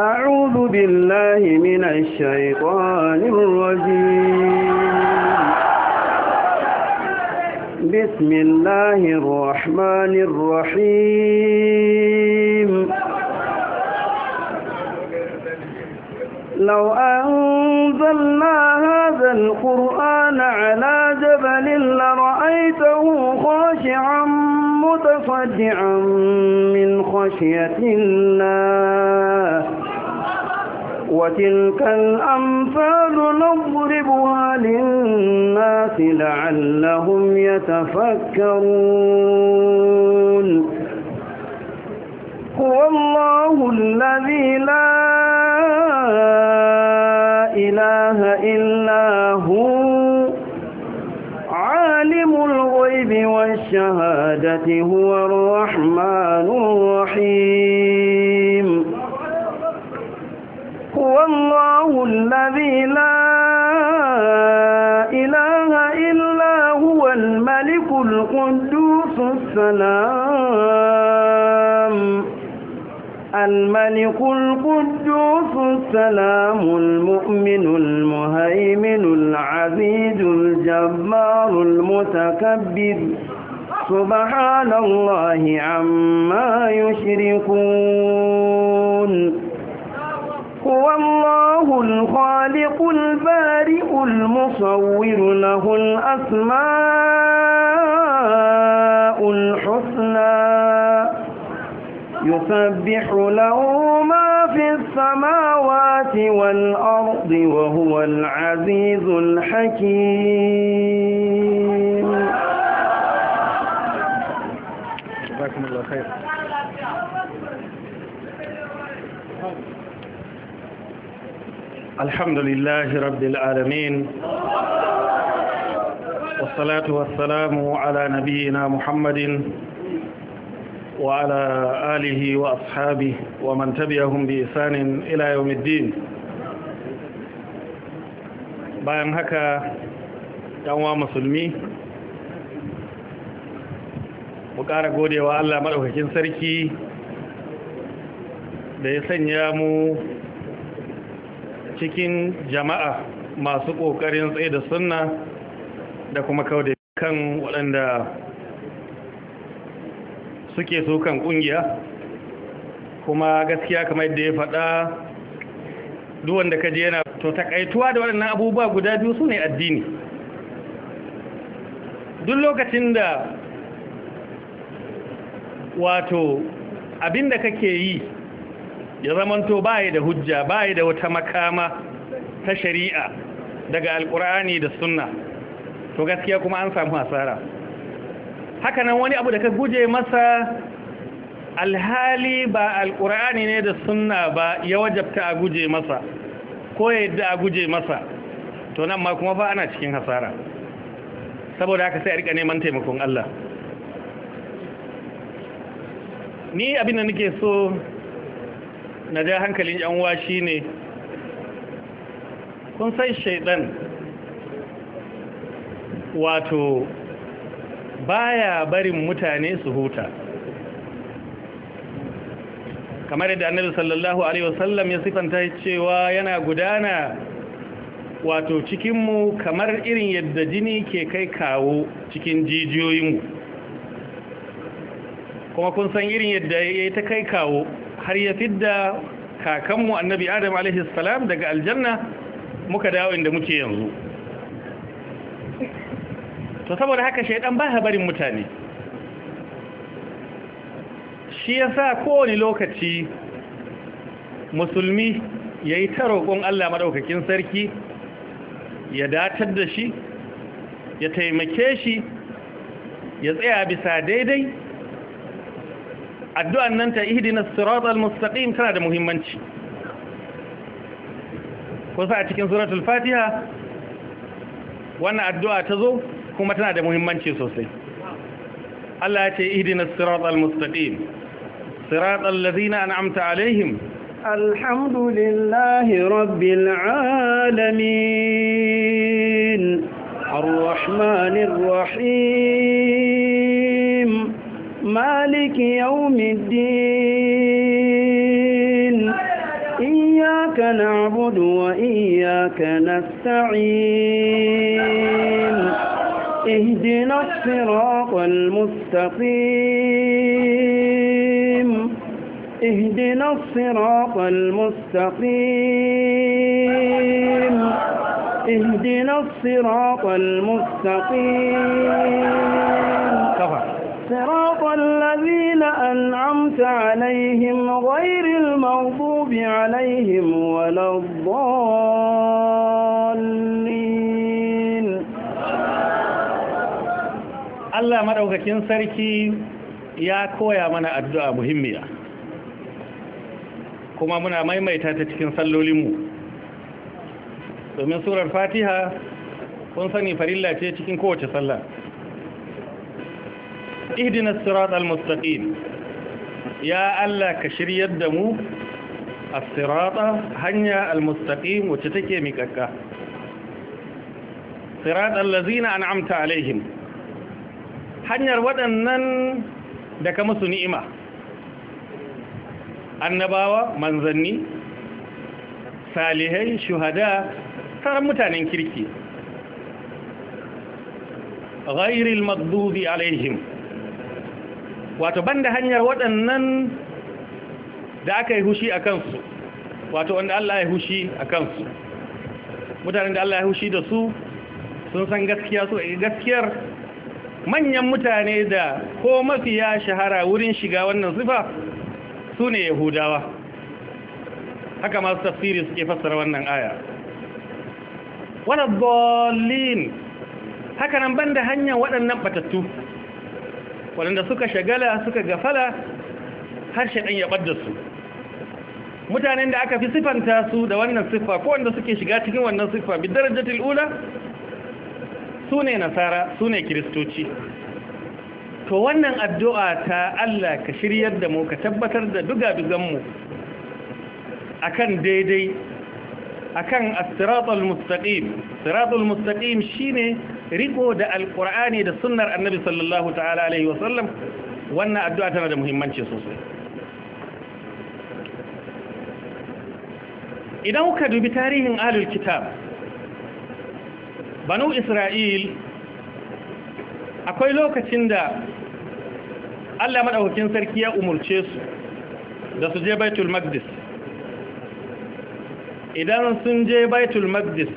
أعوذ بالله من الشيطان الرجيم بسم الله الرحمن الرحيم لو أنزلنا هذا القرآن على جبل لرأيته خاشعا متصدعا من خشية الله وتلك الأمثال نضربها للناس لعلهم يتفكرون هو الله الذي لا إله إلا هو عالم الغيب والشهادة هو الرحمن الرحيم الله الذي لا إله إلا هو الملك القدوس السلام الملك القدوس السلام المؤمن المهيمن العزيز الجبار المتكبر سبحان الله عما يشركون هو الله الخالق البارئ المصور له الأسماء الحسنى يسبح له ما في السماوات والأرض وهو العزيز الحكيم جزاكم الله خير الحمد لله رب العالمين والصلاة والسلام على نبينا محمد وعلى آله وأصحابه ومن تبعهم بإحسان إلى يوم الدين bayan haka yanwa musulmi mu ƙara godewa Allah maɗaukakin sarki da ya sanya mu cikin jama'a masu ƙoƙarin tsaye da sunna da kuma kauda kan waɗanda suke so kan ƙungiya kuma gaskiya kamar yadda ya faɗa duwanda ka je yana to takaituwa da waɗannan abubuwa guda biyu su ne addini duk lokacin da wato da kake yi ya zamanto baya da hujja baya da wata makama ta shari'a daga alkur'ani da sunna to gaskiya kuma an samu hasara hakanan wani abu da ka guje masa alhali ba alkur'ani ne da sunna ba ya wajabta a guje masa ko ya yadda a guje masa to nan ma kuma ba ana cikin hasara saboda haka sai a rika neman taimakon Allah ni abin da nake so na ja hankalin yan uwa ne kun san shaidan wato baya barin mutane su huta kamar yadda annabi sallallahu alaihi wasallam ya sifanta cewa yana gudana wato cikinmu kamar irin yadda jini ke kai kawo cikin jijiyoyinmu kuma kun san irin yadda ya ta kai kawo har ya fidda kakanmu annabi adam alaihi salam daga aljanna muka dawo inda muke yanzu to saboda haka shaidan ba barin mutane shi ya yasa kowane lokaci musulmi ya yi ta roƙon Allah maɗaukakin sarki ya datar da shi ya taimake shi ya tsaya bisa daidai addu'an nan ta ihdina siratal mustaqim tana da muhimmanci kusa a cikin suratul fatiha wannan addu'a ta zo kuma tana da muhimmanci sosai Allah ya ce ihdina siratal mustaqim siratal ladzina an'amta alaihim alhamdulillahi rabbil alamin arrahmanir rahim مالك يوم الدين إياك نعبد وإياك نستعين اهدنا الصراط المستقيم اهدنا الصراط المستقيم اهدنا الصراط المستقيم صراط الذين أنعمت عليهم غير المغضوب عليهم ولا الضالين الله مدوكاكين سركي يا كويا من الدعاء مهمة kuma muna maimaita ta cikin sallolinmu domin surar fatiha kun sani farilla ce cikin kowace sallah ihdina siratal mustaqim ya Allah ka shiryar da mu as-sirata hanya al-mustaqim wacce take miƙaƙa siratal ladzina an'amta alaihim hanyar waɗannan da ka musu ni'ima annabawa manzanni salihai shuhada tsaron mutanen kirki ghairil maghdubi alaihim wato banda hanyar waɗannan da aka yi hushi a kansu wato wanda Allah ya hushi a kansu mutanen da Allah ya hushi da su sun san gaskiya su eh, gaskiyar manyan mutane da ko mafi ya shahara wurin shiga wannan sifa su ne yahudawa haka masu tafsiri suke fassara wannan aya wadda hakanan haka nan banda hanyar waɗannan batattu waɗanda suka shagala suka gafala har shaɗan ya ɓadda su mutanen da aka fi siffanta su da wannan siffa ko wanda suke shiga cikin wannan siffa bi darajatul ula su ne nasara su ne kiristoci to wannan addu'a ta Allah ka shiryar da mu ka tabbatar da dugaduganmu a kan daidai a kan astiratul mustaqim astiratul mustaqim shi ne riko da alkur'ani da sunnar annabi sallallahu ta'ala alaihi sallam. wannan addu'a tana da muhimmanci sosai idan kuka dubi tarihin ahlul kitab banu isra'il akwai lokacin da Allah madaukakin sarki ya umurce su da su je baitul maqdis idan sun je baitul maqdis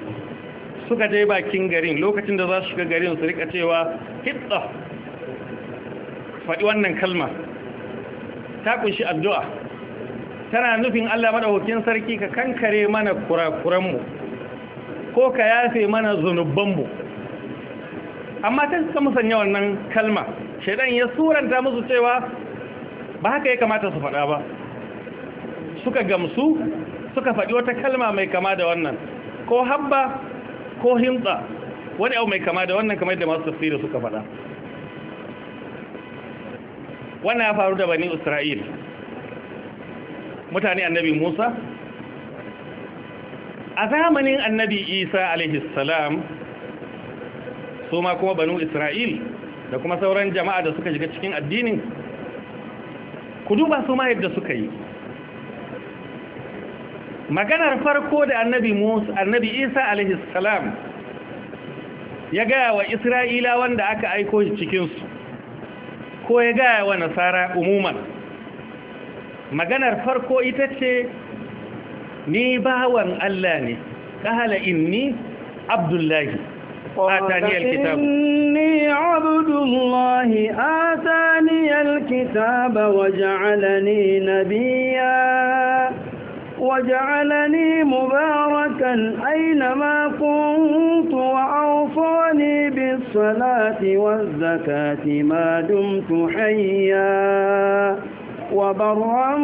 suka je bakin garin lokacin da za su shiga garin su rika cewa hitsa faɗi wannan kalma ta kunshi addu'a tana nufin Allah maɗaukin sarki ka kankare mana kurakuranmu ko ka yafe mana zunubanmu amma ta suka musanya wannan kalma shaidan ya suranta musu cewa ba haka ya kamata su faɗa ba suka gamsu suka faɗi wata kalma mai kama da wannan ko habba ko himba wani abu mai kama da wannan kamar da masu tafsiri suka faɗa wannan ya faru da bani isra'il mutane annabi musa a zamanin annabi isa alaihissalam su ma kuma bani isra'il da kuma sauran jama'a da suka shiga cikin addinin ku duba su ma yadda suka yi maganar farko da annabi musa annabi isa alaihi salam ya gaya wa isra'ila wanda aka aiko shi cikinsu ko ya gaya wa nasara umuman maganar farko ita ce ni bawan allah ne ƙahala inni abdullahi آتاني Abdullahi إني عبد الله آتاني الكتاب وجعلني مباركا أينما كنت وأوصاني بالصلاة والزكاة ما دمت حيا وبرا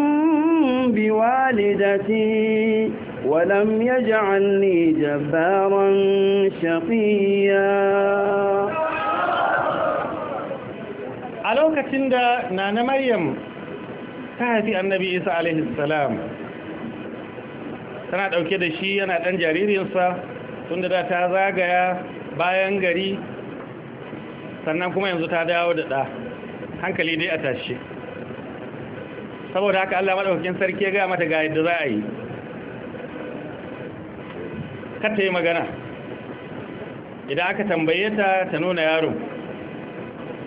بوالدتي ولم يجعلني جبارا شقيا ألوك تندى نانا مريم تهدي النبي haifi عليه السلام tana ɗauke da shi yana ɗan jaririnsa tun da ta zagaya bayan gari sannan kuma yanzu ta dawo da ɗa hankali dai a tashi saboda haka Allah maɗaukakin sarki ya gaya mata ga yadda za a yi kata yi magana idan aka tambaye ta ta nuna yaro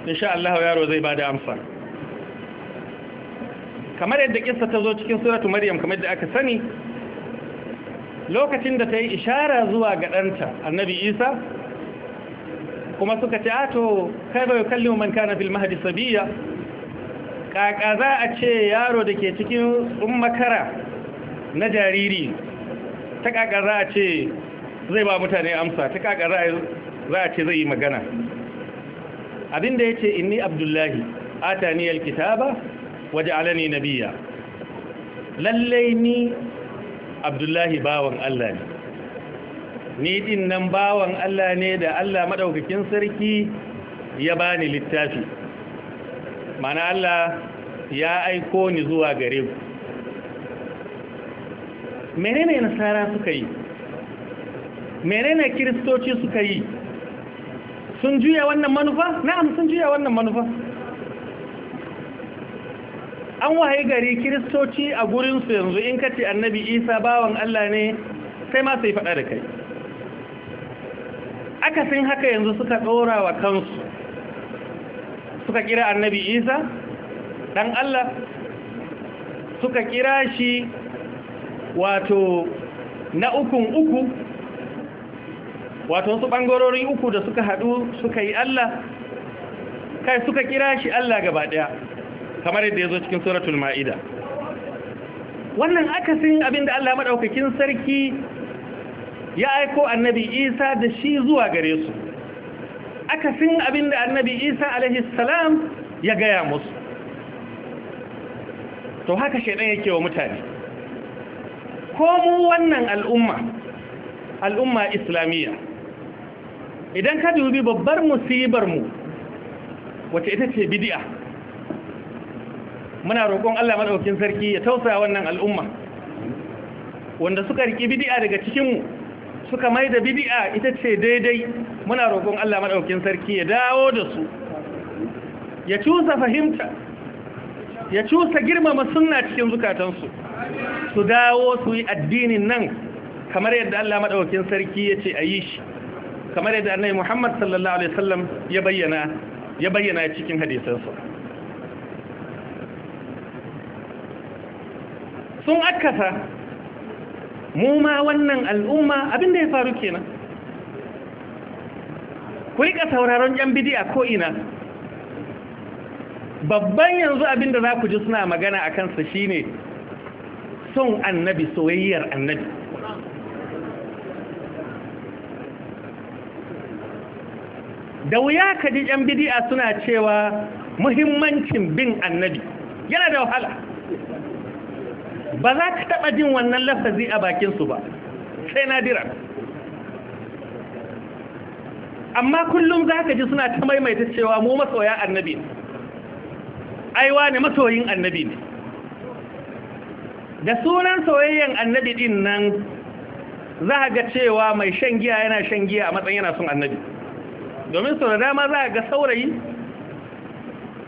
insha Allah yaro zai bada amsa kamar yadda kissa ta zo cikin suratu maryam kamar yadda aka sani lokacin da ta yi ishara zuwa ga ɗanta annabi isa kuma suka ce ato kai bai kallon man kana fil mahadi sabiya kaka za a ce yaro da ke cikin makara na jariri ta kaka za a ce zai ba mutane amsa ta kaka za a ce zai yi magana abinda ya ce inni abdullahi ataniyar kitaba waje alani nabiya lallai ni abdullahi bawan Allah ne ni din nan bawan Allah ne da Allah maɗaukakin sarki ya bani littafi mana Allah ya aiko ni zuwa gare ku menene nasara suka yi menene kiristoci suka yi sun juya wannan manufa na'am sun juya wannan manufa an wahayi gari kiristoci a gurinsu yanzu in ka ce annabi isa bawan allah ne sai ma sai faɗa da kai aka sun haka yanzu suka ɗora wa kansu suka kira annabi isa ɗan allah suka kira shi wato na ukun uku wato su ɓangarori uku da suka haɗu suka yi allah kai suka kira shi allah gaba ɗaya kamar yadda ya zo cikin suratul ma'ida wannan akasin abin da Allah maɗaukakin sarki ya aiko annabi isa da shi zuwa gare su akasin abin da annabi isa alaihissalam ya gaya musu to haka shaidan yake wa mutane ko mu wannan al'umma al'umma islamiyya idan ka dubi babbar musibar mu wace ita ce bidi'a? muna roƙon Allah madaukakin sarki ya tausaya wannan al'umma wanda suka riki bid'a daga cikin mu suka mai da bid'a ita ce daidai muna roƙon Allah madaukakin sarki ya dawo da su ya cusa fahimta ya cusa girmama sunna cikin zukatansu su dawo su yi addinin nan kamar yadda Allah madaukakin sarki ya ce a yi shi kamar yadda annabi Muhammad sallallahu alaihi wasallam ya bayyana ya bayyana cikin hadisansa sun akasa mu ma wannan al'umma abinda ya faru kenan ku rika sauraron yan bidiya ko ina babban yanzu abinda za ku ji suna magana a kansa shine son annabi soyayyar annabi da wuya ka ji yan bidiya suna cewa muhimmancin bin annabi yana da wahala ba za ka taɓa jin wannan lafazi a bakinsu ba sai nadiran amma kullum za ka ji suna ta maimaita cewa mu masoya annabi ne aiwa ne masoyin annabi ne da sunan soyayyen annabi din nan za a ga cewa mai shan giya yana shan giya a matsayin yana son annabi domin sau da dama za a ga saurayi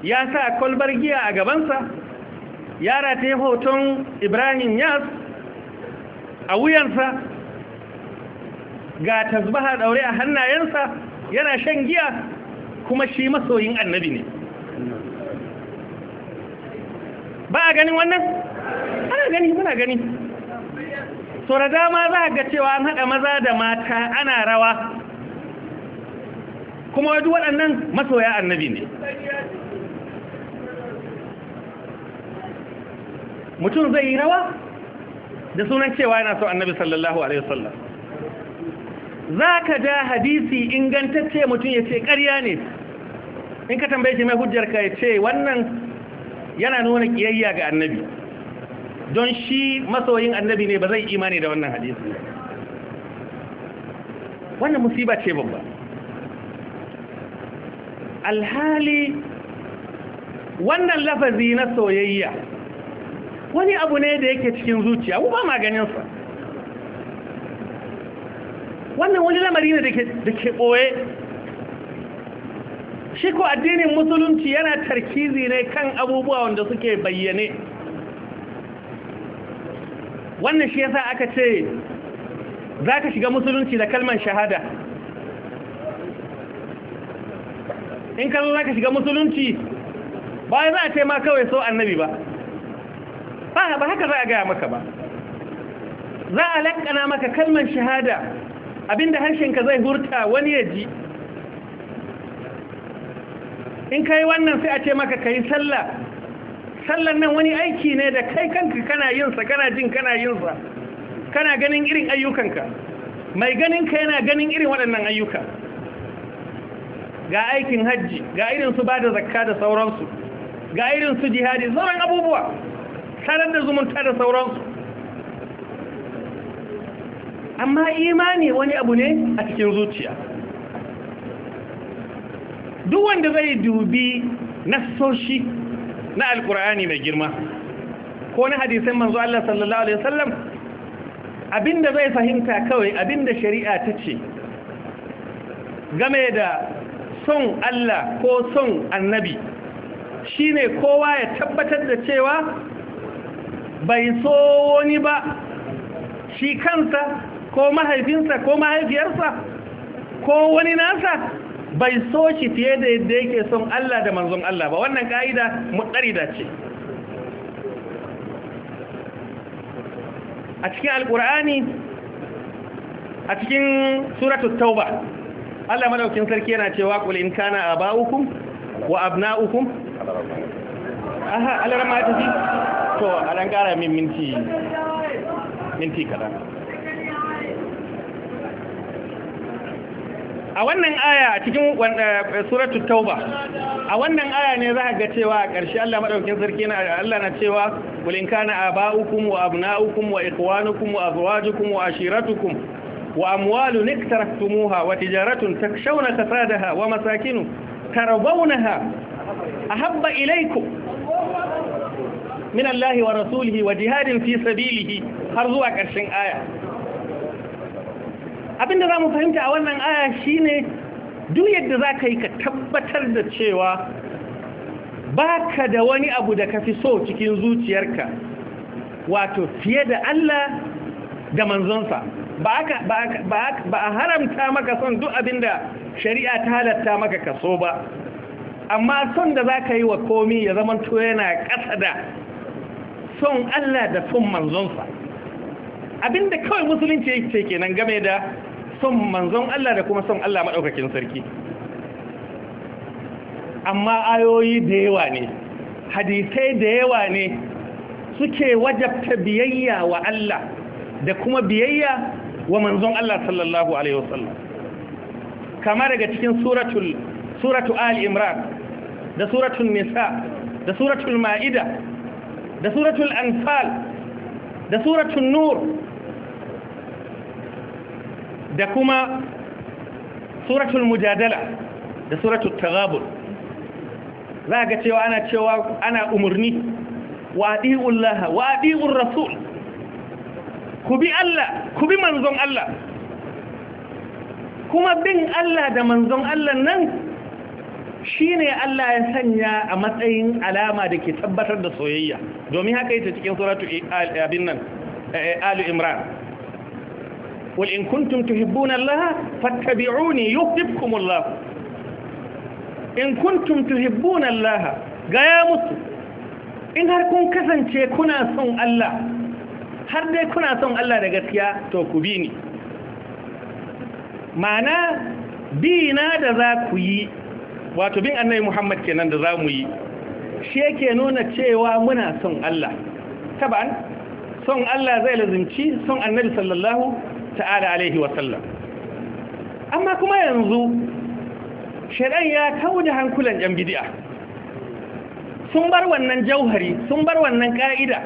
ya sa kwalbar giya a gabansa yara ta yi hoton ibrahim yas a wuyansa ga tasbaha daure a hannayensa yana shan giya kuma shi masoyin annabi ne ba a ganin wannan? ana gani muna gani so da dama za a ga cewa an haɗa maza da mata ana rawa kuma wajen waɗannan masoya annabi ne mutum zai yi rawa da sunan cewa yana so annabi sallallahu alaihi wasallam za ka ja hadisi ingantacce mutum ya ce ƙarya ne in ka tambaye shi mai hujjar ka ya ce wannan yana nuna ƙiyayya ga annabi don shi masoyin annabi ne ba zai imani da wannan hadisi wannan musiba ce babba alhali wannan lafazi na soyayya wani abu ne da yake cikin zuciya mu ba maganinsa wannan wani lamari ne da ke ɓoye shi ko addinin musulunci yana tarkizi ne kan abubuwa wanda suke bayyane wannan shi yasa aka ce za ka shiga musulunci da kalmar shahada in kalmar za ka shiga musulunci ba za a ce ma kawai so annabi ba ba ba haka za a gaya maka ba za a lankana maka kalmar shahada abinda harshenka zai hurta wani ya ji in ka yi wannan sai a ce maka ka yi sallah sallan nan wani aiki ne da kai kanka kana yinsa kana jin kana yinsa kana ganin irin ayyukanka mai ganin ka yana ganin irin waɗannan ayyuka ga aikin hajji ga irin su ba da zakka da sauransu ga irin su jihadi sauran abubuwa sanar da zumunta da sauransu amma imani wani abu ne a cikin zuciya duk wanda zai dubi nassoshi na Alƙur'ani mai girma ko na hadisin manzo Allah sallallahu alaihi wasallam abinda zai fahimta kawai abinda shari'a ta ce game da son Allah ko son annabi shine kowa ya tabbatar da cewa bai so wani ba shi kansa ko mahaifinsa ko mahaifiyarsa ko wani nasa bai so shi fiye da yadda yake son Allah da manzon Allah ba wannan ka'ida mutsarida ce a cikin alkur'ani a cikin suratul tauba Allah madaukin sarki yana cewa qul in kana aba'ukum wa abna'ukum aha alarama ta to a ɗan ƙara min minti minti kaɗan a wannan aya a cikin eh, suratul tauba a wannan aya ne za ga cewa a ƙarshe Allah maɗaukin sarki na Allah na cewa qul a kana aba'ukum wa abna'ukum wa ikhwanukum wa azwajukum wa ashiratukum wa amwalun iktaraftumuha wa tijaratun takshawna kasadaha wa masakinu tarawunaha ahabba ilaykum min Allah wa rasulihi wa jihadin fi sabilihi har zuwa ƙarshen aya abinda zamu fahimta a wannan aya shine duk yadda za ka yi ka tabbatar da cewa baka da wani abu da kafi so cikin zuciyarka wato fiye da Allah da manzonsa ba a haramta maka son duk abin da shari'a ta halatta maka kaso ba amma son da za ka yi wa komi ya zama to yana ƙasa da son Allah da son manzonsa abinda kawai musulunci ce kenan game da son manzon Allah da kuma son Allah maɗaukakin sarki amma ayoyi da yawa ne hadisai da yawa ne suke wajabta biyayya wa Allah da kuma biyayya wa manzon Allah sallallahu alaihi wasallam kama daga cikin suratul suratu al-imran da suratul nisa da suratul ma'ida da suratul anfal da suratul nur da kuma suratul mujadala da suratul tagabul za ga cewa ana cewa ana umarni wa laha rasul ku bi Allah ku bi manzon Allah kuma bin Allah da manzon Allah nan shi ne Allah ya sanya a matsayin alama da ke tabbatar da soyayya domin haka yi ta cikin suratu abin nan eh, eh, alu imran in kuntum tuhibbuna Allah fattabi'uni yuhibbukum Allah in kuntum tuhibbuna Allah ga gaya musu in har kun kasance kuna son Allah har dai kuna son Allah da gaskiya to ku bi ni ma'ana bi na da za ku yi wato bin annabi Muhammad kenan da zamu yi shi yake nuna cewa muna son Allah taban son Allah zai lazimci son annabi sallallahu ta'ala alaihi wa sallam amma kuma yanzu shaidan ya kauda hankulan yan bid'a sun bar wannan jauhari sun bar wannan ka'ida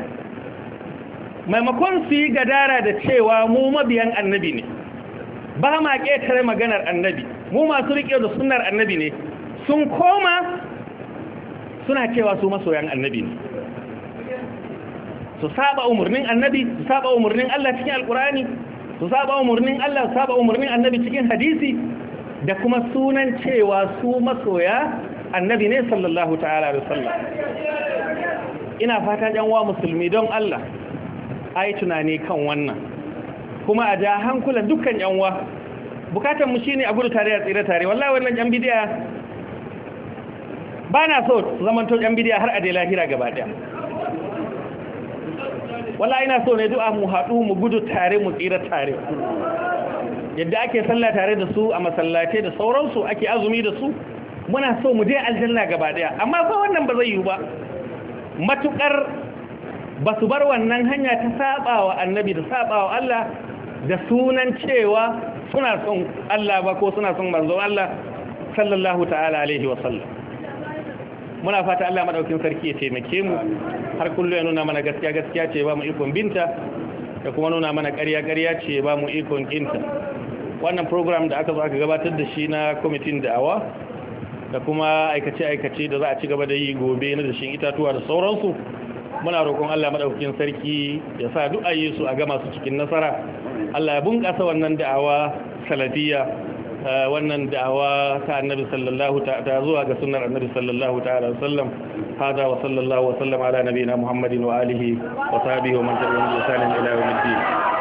maimakon su yi gadara da cewa mu mabiyan annabi ne ba ma ƙetare maganar annabi mu masu riƙe da sunnar annabi ne sun koma suna cewa su masoyan annabi ne su saba umarnin annabi su saba umarnin Allah cikin alkurani su saba umarnin Allah su saba umarnin annabi cikin hadisi da kuma sunan cewa su masoya annabi ne sallallahu ta'ala da sallam ina fata wa musulmi don Allah a yi tunani kan wannan kuma a ja hankulan dukkan yanwa bukatanmu shi ne a gudu tare a tsira tare wallah wannan yan bidiyar ba na so zaman to ɗan bidiya har a dai lahira gaba ɗaya wala ina so ne du'a mu haɗu mu gudu tare mu tsira tare yadda ake sallah tare da su a masallatai da sauransu ake azumi da su muna so mu je aljanna gaba ɗaya. amma fa wannan ba zai yiwu ba matukar ba su bar wannan hanya ta sabawa annabi da saɓawa Allah da sunan cewa suna son Allah ba ko suna son manzo Allah sallallahu ta'ala alaihi wa sallam muna fata Allah madaukin sarki ya taimake mu har kullu ya nuna mana gaskiya gaskiya ce ba mu ikon binta da kuma nuna mana ƙarya ƙarya ce ba mu ikon kinta wannan program da aka zo aka gabatar da shi na kwamitin da'awa da kuma aikace aikace da za a ci gaba da yi gobe na dashin itatuwa da sauransu muna roƙon Allah madaukin sarki ya sa duk ayi a gama su cikin nasara Allah ya bunƙasa wannan da'awa saladiya. wannan da'awa ta annabi sallallahu ta zuwa ga sunnar annabi sallallahu ta'ala sallam hada wa sallallahu wa sallam ala nabiyina muhammadin wa alihi wa sahbihi wa man tabi'ahum bi ihsan ila yawmiddin